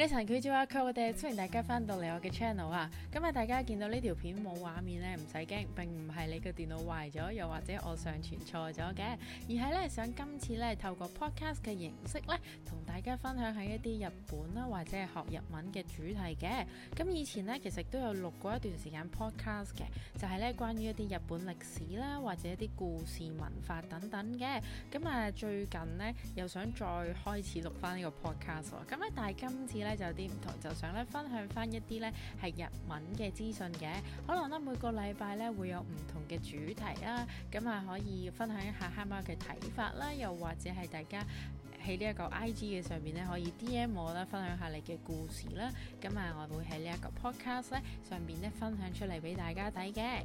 李晨，佢就話佢，我哋歡迎大家翻到嚟我嘅 channel 啊！咁啊大家見到呢條片冇畫面咧，唔使驚，並唔係你嘅電腦壞咗，又或者我上傳錯咗嘅，而係咧想今次咧透過 podcast 嘅形式咧，同大家分享喺一啲日本啦，或者係學日文嘅主題嘅。咁以前咧其實都有錄過一段時間 podcast 嘅，就係咧關於一啲日本歷史啦，或者一啲故事文化等等嘅。咁啊最近咧又想再開始錄翻呢個 podcast 啦。咁咧但係今次咧。咧就啲唔同，就想咧分享翻一啲咧係日文嘅資訊嘅，可能咧每個禮拜咧會有唔同嘅主題啦，咁啊可以分享一下黑貓嘅睇法啦，又或者係大家喺呢一個 IG 嘅上面咧可以 DM 我啦，分享下你嘅故事啦，咁啊我會喺呢一個 podcast 咧上面咧分享出嚟俾大家睇嘅。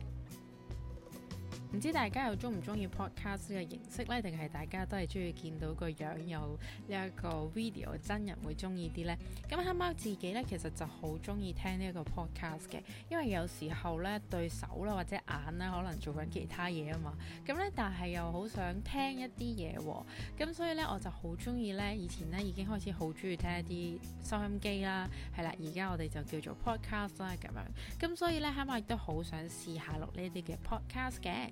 唔知大家又中唔中意 podcast 嘅形式呢？定係大家都係中意見到個樣有呢一個 video 真人會中意啲呢？咁黑貓自己呢，其實就好中意聽呢一個 podcast 嘅，因為有時候呢對手啦或者眼啦可能做緊其他嘢啊嘛，咁呢，但係又好想聽一啲嘢喎，咁所以呢，我就好中意呢，以前呢已經開始好中意聽一啲收音機啦，係啦，而家我哋就叫做 podcast 啦咁樣，咁所以呢，黑貓亦都好想試下錄呢啲嘅 podcast 嘅。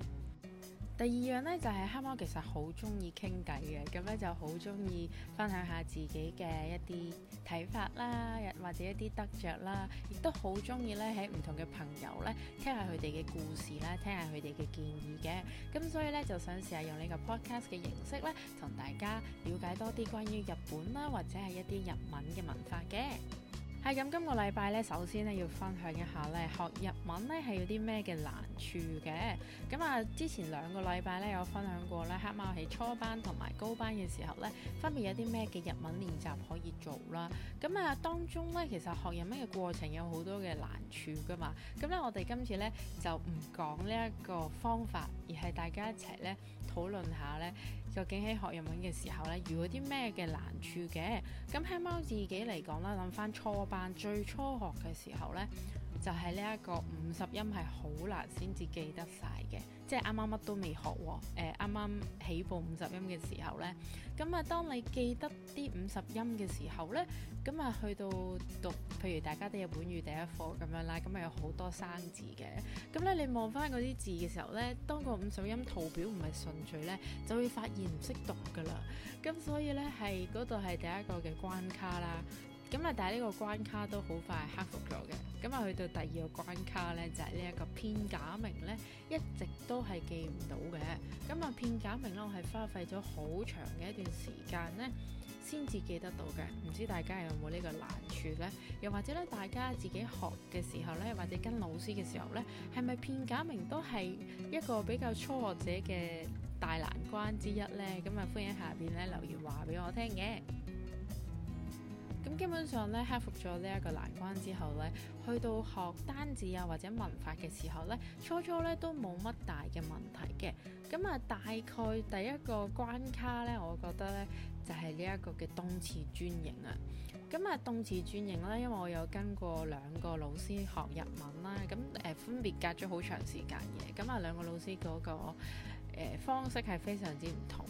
第二樣咧就係黑貓其實好中意傾偈嘅，咁咧就好中意分享下自己嘅一啲睇法啦，或者一啲得着啦，亦都好中意咧喺唔同嘅朋友咧聽下佢哋嘅故事啦，聽下佢哋嘅建議嘅，咁所以咧就想試下用呢個 podcast 嘅形式咧，同大家了解多啲關於日本啦，或者係一啲日文嘅文化嘅。係咁，今個禮拜咧，首先咧要分享一下咧，學日文咧係有啲咩嘅難處嘅。咁啊，之前兩個禮拜咧有分享過咧，黑貓喺初班同埋高班嘅時候咧，分別有啲咩嘅日文練習可以做啦。咁啊，當中咧其實學日文嘅過程有好多嘅難處噶嘛。咁咧，我哋今次咧就唔講呢一個方法，而係大家一齊咧討論下咧。究竟喺學日文嘅時候咧，遇到啲咩嘅難處嘅？咁黑貓自己嚟講啦，諗翻初班最初學嘅時候咧。就係呢一個五十音係好難先至記得晒嘅，即係啱啱乜都未學喎。呃，啱啱起步五十音嘅時候呢。咁啊，當你記得啲五十音嘅時候呢，咁啊，去到讀譬如大家都日本語第一課咁樣啦，咁啊有好多生字嘅，咁咧你望翻嗰啲字嘅時候呢，當個五十音圖表唔係順序呢，就會發現唔識讀噶啦。咁所以呢，係嗰度係第一個嘅關卡啦。咁啊，但係呢個關卡都好快克服咗嘅。咁啊，去到第二個關卡呢，就係呢一個片假名呢，一直都係記唔到嘅。咁啊，片假名呢，我係花費咗好長嘅一段時間呢，先至記得到嘅。唔知大家有冇呢個難處呢？又或者咧，大家自己學嘅時候呢，或者跟老師嘅時候呢，係咪片假名都係一個比較初學者嘅大難關之一呢？咁啊，歡迎下邊呢留言話俾我聽嘅。基本上咧，克服咗呢一個難關之後咧，去到學單字啊或者文法嘅時候咧，初初咧都冇乜大嘅問題嘅。咁啊，大概第一個關卡咧，我覺得咧就係、是、呢一個嘅冬至專營動詞轉型啊。咁啊，動詞轉型咧，因為我有跟過兩個老師學日文啦，咁誒、呃、分別隔咗好長時間嘅。咁啊，兩個老師嗰、那個、呃、方式係非常之唔同。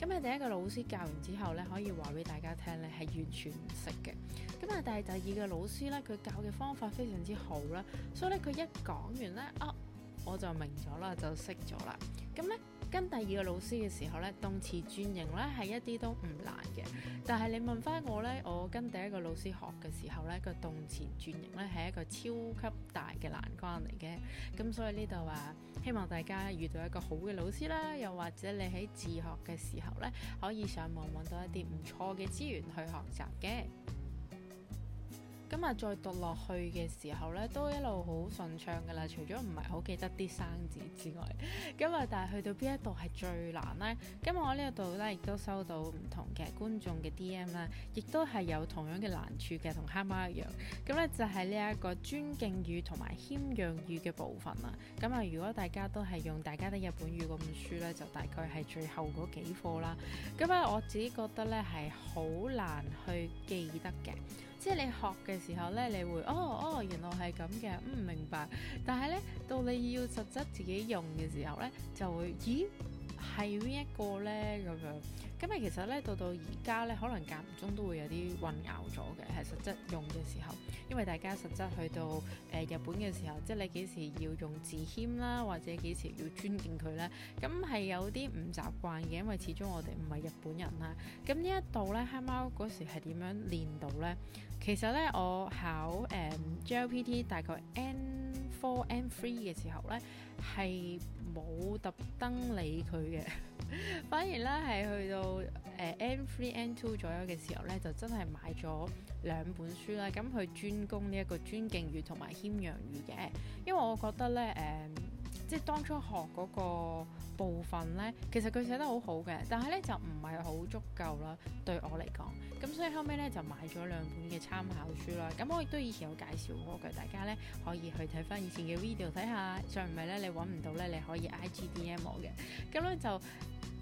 咁啊，第一個老師教完之後咧，可以話俾大家聽咧，係完全唔識嘅。咁啊，但係第二個老師咧，佢教嘅方法非常之好啦，所以咧佢一講完咧，啊、哦，我就明咗啦，就識咗啦。咁咧。跟第二個老師嘅時候咧，動詞轉型咧係一啲都唔難嘅。但係你問翻我咧，我跟第一個老師學嘅時候咧，個動詞轉型咧係一個超級大嘅難關嚟嘅。咁所以呢度話，希望大家遇到一個好嘅老師啦，又或者你喺自學嘅時候咧，可以上網揾到一啲唔錯嘅資源去學習嘅。咁啊、嗯、再讀落去嘅時候呢，都一路好順暢噶啦，除咗唔係好記得啲生字之外，咁、嗯、啊，但係去到邊一度係最難呢？咁、嗯、我呢一度呢，亦都收到唔同嘅觀眾嘅 D.M. 啦、啊，亦都係有同樣嘅難處嘅，同黑貓一樣。咁、嗯、呢，就係呢一個尊敬語同埋謙讓語嘅部分啦。咁、嗯、啊，如果大家都係用《大家的日本語》嗰本書呢，就大概係最後嗰幾課啦。咁、嗯、咧我自己覺得呢係好難去記得嘅。即係你學嘅時候咧，你會哦哦，原來係咁嘅，唔、嗯、明白。但係咧，到你要實質自己用嘅時候咧，就會咦係邊一個咧咁樣。咁其實咧，到到而家咧，可能間唔中都會有啲混淆咗嘅，係實質用嘅時候。因為大家實質去到誒、呃、日本嘅時候，即係你幾時要用自謙啦，或者幾時要尊敬佢咧，咁係有啲唔習慣嘅。因為始終我哋唔係日本人啦。咁呢一度咧，黑貓嗰時係點樣練到咧？其實咧，我考誒 JLPT、呃、大概 N four N three 嘅時候咧，係冇特登理佢嘅。 反而咧係去到誒、呃、N three N two 左右嘅時候咧，就真係買咗兩本書啦。咁佢專攻呢一個專勁語同埋謙讓語嘅，因為我覺得咧誒、呃，即係當初學嗰、那個。部分咧，其實佢寫得好好嘅，但係咧就唔係好足夠啦，對我嚟講。咁所以後尾咧就買咗兩本嘅參考書啦。咁我亦都以前有介紹過嘅，大家咧可以去睇返以前嘅 video 睇下。再唔係咧你揾唔到咧，你可以 IGDM 我嘅。咁咧就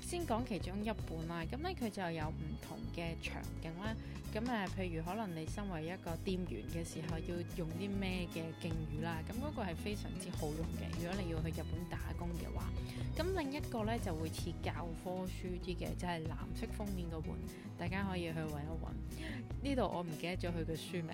先講其中一本啦。咁咧佢就有唔同嘅場景啦。咁誒，譬如可能你身為一個店員嘅時候，要用啲咩嘅敬語啦。咁嗰個係非常之好用嘅，如果你要去日本打工嘅話。咁另一個咧就會似教科書啲嘅，即、就、係、是、藍色封面嗰本，大家可以去揾一揾。呢度我唔記得咗佢嘅書名，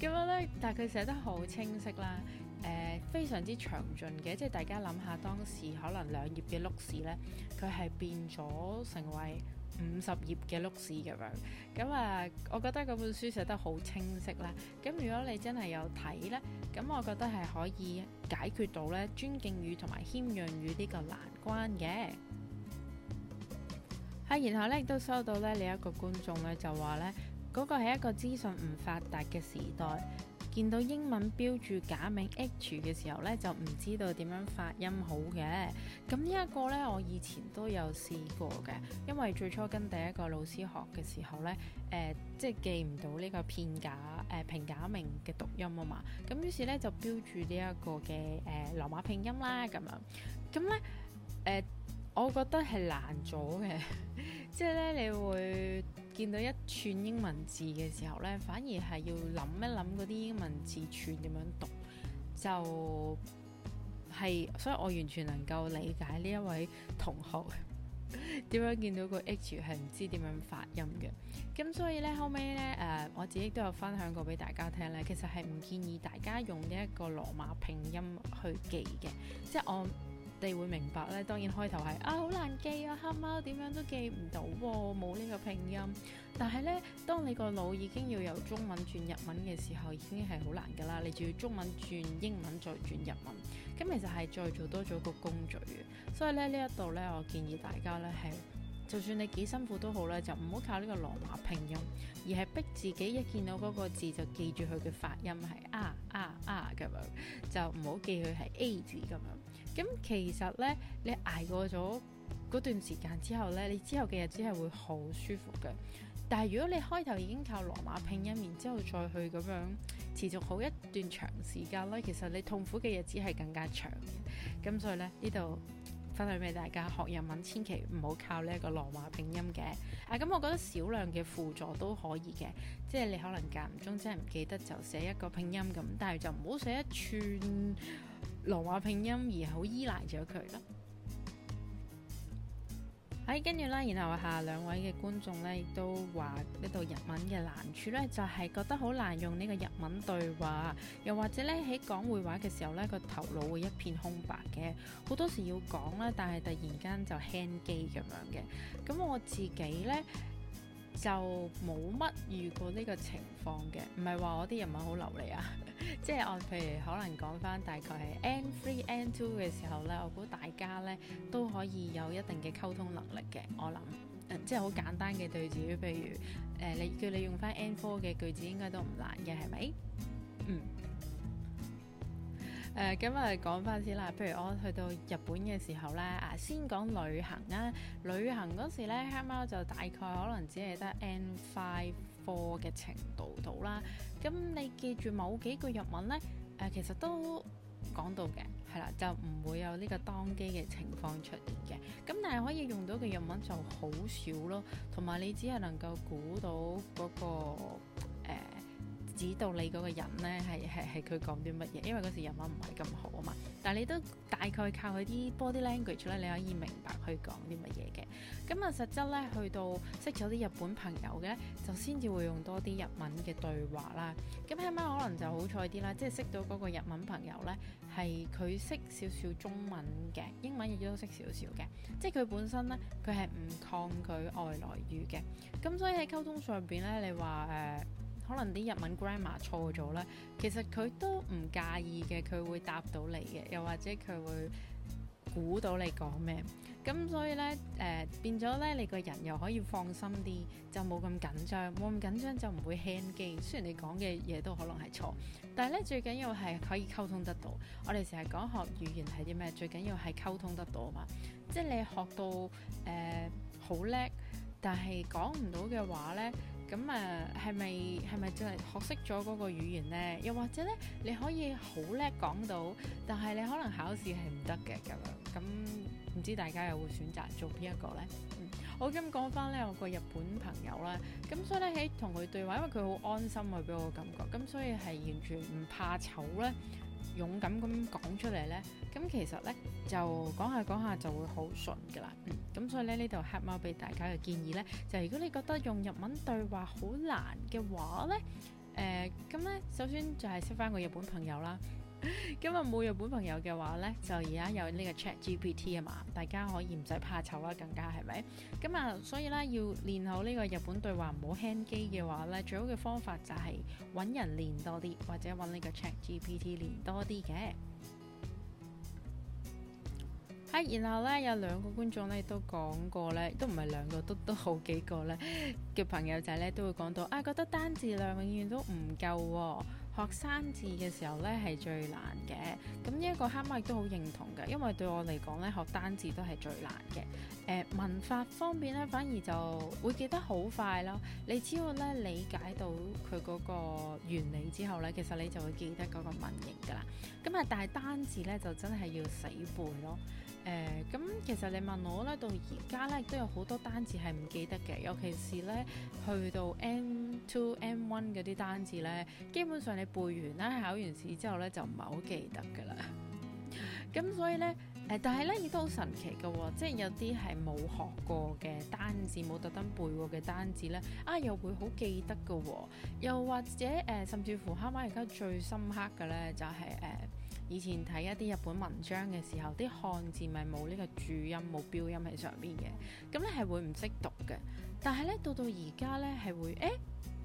咁 樣咧，但係佢寫得好清晰啦，誒、呃，非常之詳盡嘅，即係大家諗下當時可能兩頁嘅碌事咧，佢係變咗成，成為，五十頁嘅碌事咁樣，咁啊，我覺得嗰本書寫得好清晰啦。咁如果你真係有睇呢，咁我覺得係可以解決到呢尊敬語同埋謙讓語呢個難關嘅。嚇、嗯，然後呢，亦都收到呢你、這個這個、一個觀眾呢，就話呢嗰個係一個資訊唔發達嘅時代。見到英文標註假名 H 嘅時候咧，就唔知道點樣發音好嘅。咁呢一個咧，我以前都有試過嘅，因為最初跟第一個老師學嘅時候咧，誒即係記唔到呢個片假誒平、呃、假名嘅讀音啊嘛。咁於是咧就標註呢一個嘅誒、呃、羅馬拼音啦，咁樣。咁咧誒，我覺得係難咗嘅，即係咧你會。見到一串英文字嘅時候呢，反而係要諗一諗嗰啲英文字串點樣讀，就係所以我完全能夠理解呢一位同學點 樣見到個 H 係唔知點樣發音嘅。咁所以呢，後尾呢，誒、呃，我自己都有分享過俾大家聽呢其實係唔建議大家用呢一個羅馬拼音去記嘅，即係我。你會明白咧，當然開頭係啊好難記啊，黑貓點樣都記唔到喎，冇呢個拼音。但係咧，當你個腦已經要由中文轉日文嘅時候，已經係好難噶啦。你仲要中文轉英文再轉日文，咁其實係再做多咗個工序。所以咧，呢一度咧，我建議大家咧係。就算你幾辛苦都好啦，就唔好靠呢個羅馬拼音，而係逼自己一見到嗰個字就記住佢嘅發音係啊啊啊咁樣，就唔好記佢係 A 字咁樣。咁、嗯、其實呢，你捱過咗嗰段時間之後呢，你之後嘅日子係會好舒服嘅。但係如果你開頭已經靠羅馬拼音，然之後再去咁樣持續好一段長時間咧，其實你痛苦嘅日子係更加長嘅。咁、嗯、所以呢，呢度。分享俾大家，學日文千祈唔好靠呢一個羅馬拼音嘅。啊，咁、嗯、我覺得少量嘅輔助都可以嘅，即係你可能間唔中真係唔記得就寫一個拼音咁，但係就唔好寫一串羅馬拼音而好依賴咗佢囉。喺跟住啦，然後下兩位嘅觀眾咧，亦都話呢度日文嘅難處咧，就係覺得好難用呢個日文對話，又或者咧喺講會話嘅時候咧，個頭腦會一片空白嘅，好多時要講啦，但係突然間就 hang 機咁樣嘅。咁我自己咧。就冇乜遇過呢個情況嘅，唔係話我啲日文好流利啊， 即係我譬如可能講翻大概係 N three N two 嘅時候呢，我估大家呢都可以有一定嘅溝通能力嘅，我諗、嗯，即係好簡單嘅對子，譬如誒、呃、你叫你用翻 N four 嘅句子應該都唔難嘅，係咪？嗯。誒咁啊，講翻、呃、先啦。譬如我去到日本嘅時候咧，啊先講旅行啦、啊。旅行嗰時咧，黑貓就大概可能只係得 N five four 嘅程度到啦。咁你記住某幾句日文咧，誒、呃、其實都講到嘅，係啦，就唔會有呢個當機嘅情況出現嘅。咁但係可以用到嘅日文就好少咯，同埋你只係能夠估到嗰、嗰個。指導你嗰個人呢，係係係佢講啲乜嘢，因為嗰時日文唔係咁好啊嘛。但係你都大概靠佢啲 body language 咧，你可以明白佢講啲乜嘢嘅。咁、嗯、啊，實質呢，去到識咗啲日本朋友嘅咧，就先至會用多啲日文嘅對話啦。咁起碼可能就好彩啲啦，即係識到嗰個日文朋友呢，係佢識少少中文嘅，英文亦都識少少嘅，即係佢本身呢，佢係唔抗拒外來語嘅。咁所以喺溝通上邊呢，你話誒？呃可能啲日文 grammar 錯咗咧，其實佢都唔介意嘅，佢會答到你嘅，又或者佢會估到你講咩，咁所以咧誒、呃、變咗咧，你個人又可以放心啲，就冇咁緊張，冇咁緊張就唔會 hang 機。雖然你講嘅嘢都可能係錯，但係咧最緊要係可以溝通得到。我哋成日講學語言係啲咩？最緊要係溝通得到啊嘛！即係你學到誒好叻，但係講唔到嘅話咧。咁啊，係咪係咪真係學識咗嗰個語言呢？又或者呢，你可以好叻講到，但係你可能考試係唔得嘅咁樣。咁、嗯、唔知大家又會選擇做邊一個呢？嗯、我咁講返呢，我個日本朋友啦，咁所以咧喺同佢對話，因為佢好安心啊，俾我感覺，咁所以係完全唔怕醜呢。勇敢咁講出嚟呢，咁其實呢，就講下講下就會好順噶啦，嗯，咁所以呢，呢度黑貓俾大家嘅建議呢，就係、如果你覺得用日文對話好難嘅話呢，誒、呃，咁呢首先就係識返個日本朋友啦。咁啊冇日本朋友嘅話呢，就而家有呢個 Chat GPT 啊嘛，大家可以唔使怕醜啦，更加係咪？咁啊、嗯，所以呢，要練好呢個日本對話，唔好輕機嘅話呢，最好嘅方法就係揾人練多啲，或者揾呢個 Chat GPT 練多啲嘅。啊、嗯，然後呢，有兩個觀眾呢都講過呢，都唔係兩個，都都好幾個呢嘅朋友仔呢都會講到啊，覺得單字量永遠都唔夠，哦。學生字嘅時候咧係最難嘅，咁呢一個哈媽亦都好認同嘅，因為對我嚟講咧學單字都係最難嘅。誒、呃、文法方面咧反而就會記得好快咯，你只要咧理解到佢嗰個原理之後咧，其實你就會記得嗰個文型㗎啦。咁啊，但係單字咧就真係要死背咯。誒、呃、咁其實你問我咧到而家咧亦都有好多單字係唔記得嘅，尤其是咧去到 M2、M1 嗰啲單字咧，基本上你，背完啦，考完試之後咧就唔係好記得噶啦。咁 所以咧，誒，但係咧亦都好神奇噶、哦，即係有啲係冇學過嘅單字，冇特登背過嘅單字咧，啊又會好記得噶、哦。又或者誒、呃，甚至乎黑貓而家最深刻嘅咧，就係、是、誒、呃、以前睇一啲日本文章嘅時候，啲漢字咪冇呢個注音冇標音喺上邊嘅，咁咧係會唔識讀嘅。但係咧到到而家咧係會誒。誒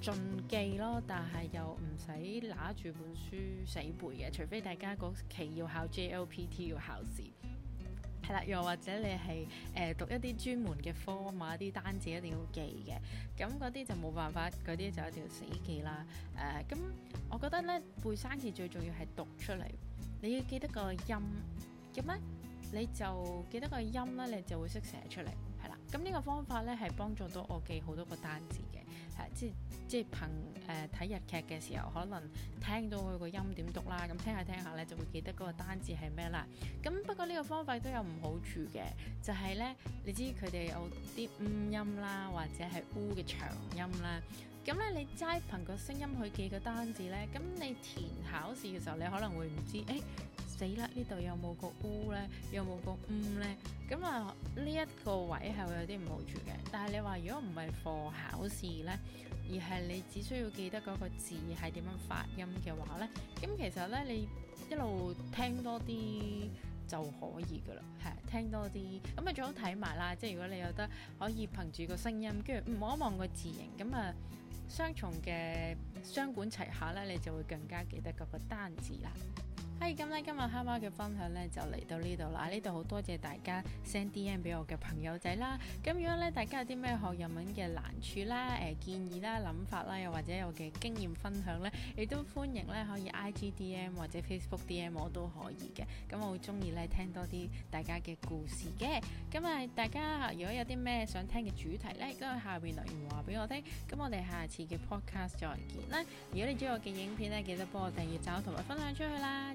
誒盡、呃、記咯，但係又唔使拿住本書死背嘅，除非大家嗰期要考 JLPT 要考試係啦，又或者你係誒、呃、讀一啲專門嘅科目，某啲單字一定要記嘅，咁嗰啲就冇辦法，嗰啲就一定要死記啦。誒、呃、咁，我覺得咧背生字最重要係讀出嚟，你要記得個音咁咧，你就記得個音咧，你就會識寫出嚟係啦。咁呢個方法咧係幫助到我記好多個單字嘅。即係即係憑誒睇、呃、日劇嘅時候，可能聽到佢個音點讀啦，咁聽下聽下咧，就會記得嗰個單字係咩啦。咁不過呢個方法都有唔好處嘅，就係、是、咧，你知佢哋有啲唔、嗯、音啦，或者係污嘅長音啦。咁咧，你齋憑個聲音去記個單字咧，咁你填考試嘅時候，你可能會唔知誒。誒死啦！有有呢度有冇個烏咧？有冇個烏咧？咁啊，呢、這、一個位係會有啲唔好處嘅。但係你話如果唔係課考試咧，而係你只需要記得嗰個字係點樣發音嘅話咧，咁其實咧你一路聽多啲就可以噶啦，係聽多啲。咁啊最好睇埋啦，即係如果你有得可以憑住個聲音跟住望一望個字形，咁啊雙重嘅雙管齊下咧，你就會更加記得嗰個單字啦。咁咧，Hi, 今日黑貓嘅分享咧就嚟到呢度啦。呢度好多謝大家 send DM 俾我嘅朋友仔啦。咁如果咧大家有啲咩學日文嘅難處啦、誒、呃、建議啦、諗法啦，又或者有嘅經驗分享咧，亦都歡迎咧可以 IG DM 或者 Facebook DM 我都可以嘅。咁我好中意咧聽多啲大家嘅故事嘅。咁啊，大家如果有啲咩想聽嘅主題咧，都喺下邊留言話俾我聽。咁我哋下次嘅 podcast 再見啦。如果你中意我嘅影片咧，記得幫我訂閱找同埋分享出去啦。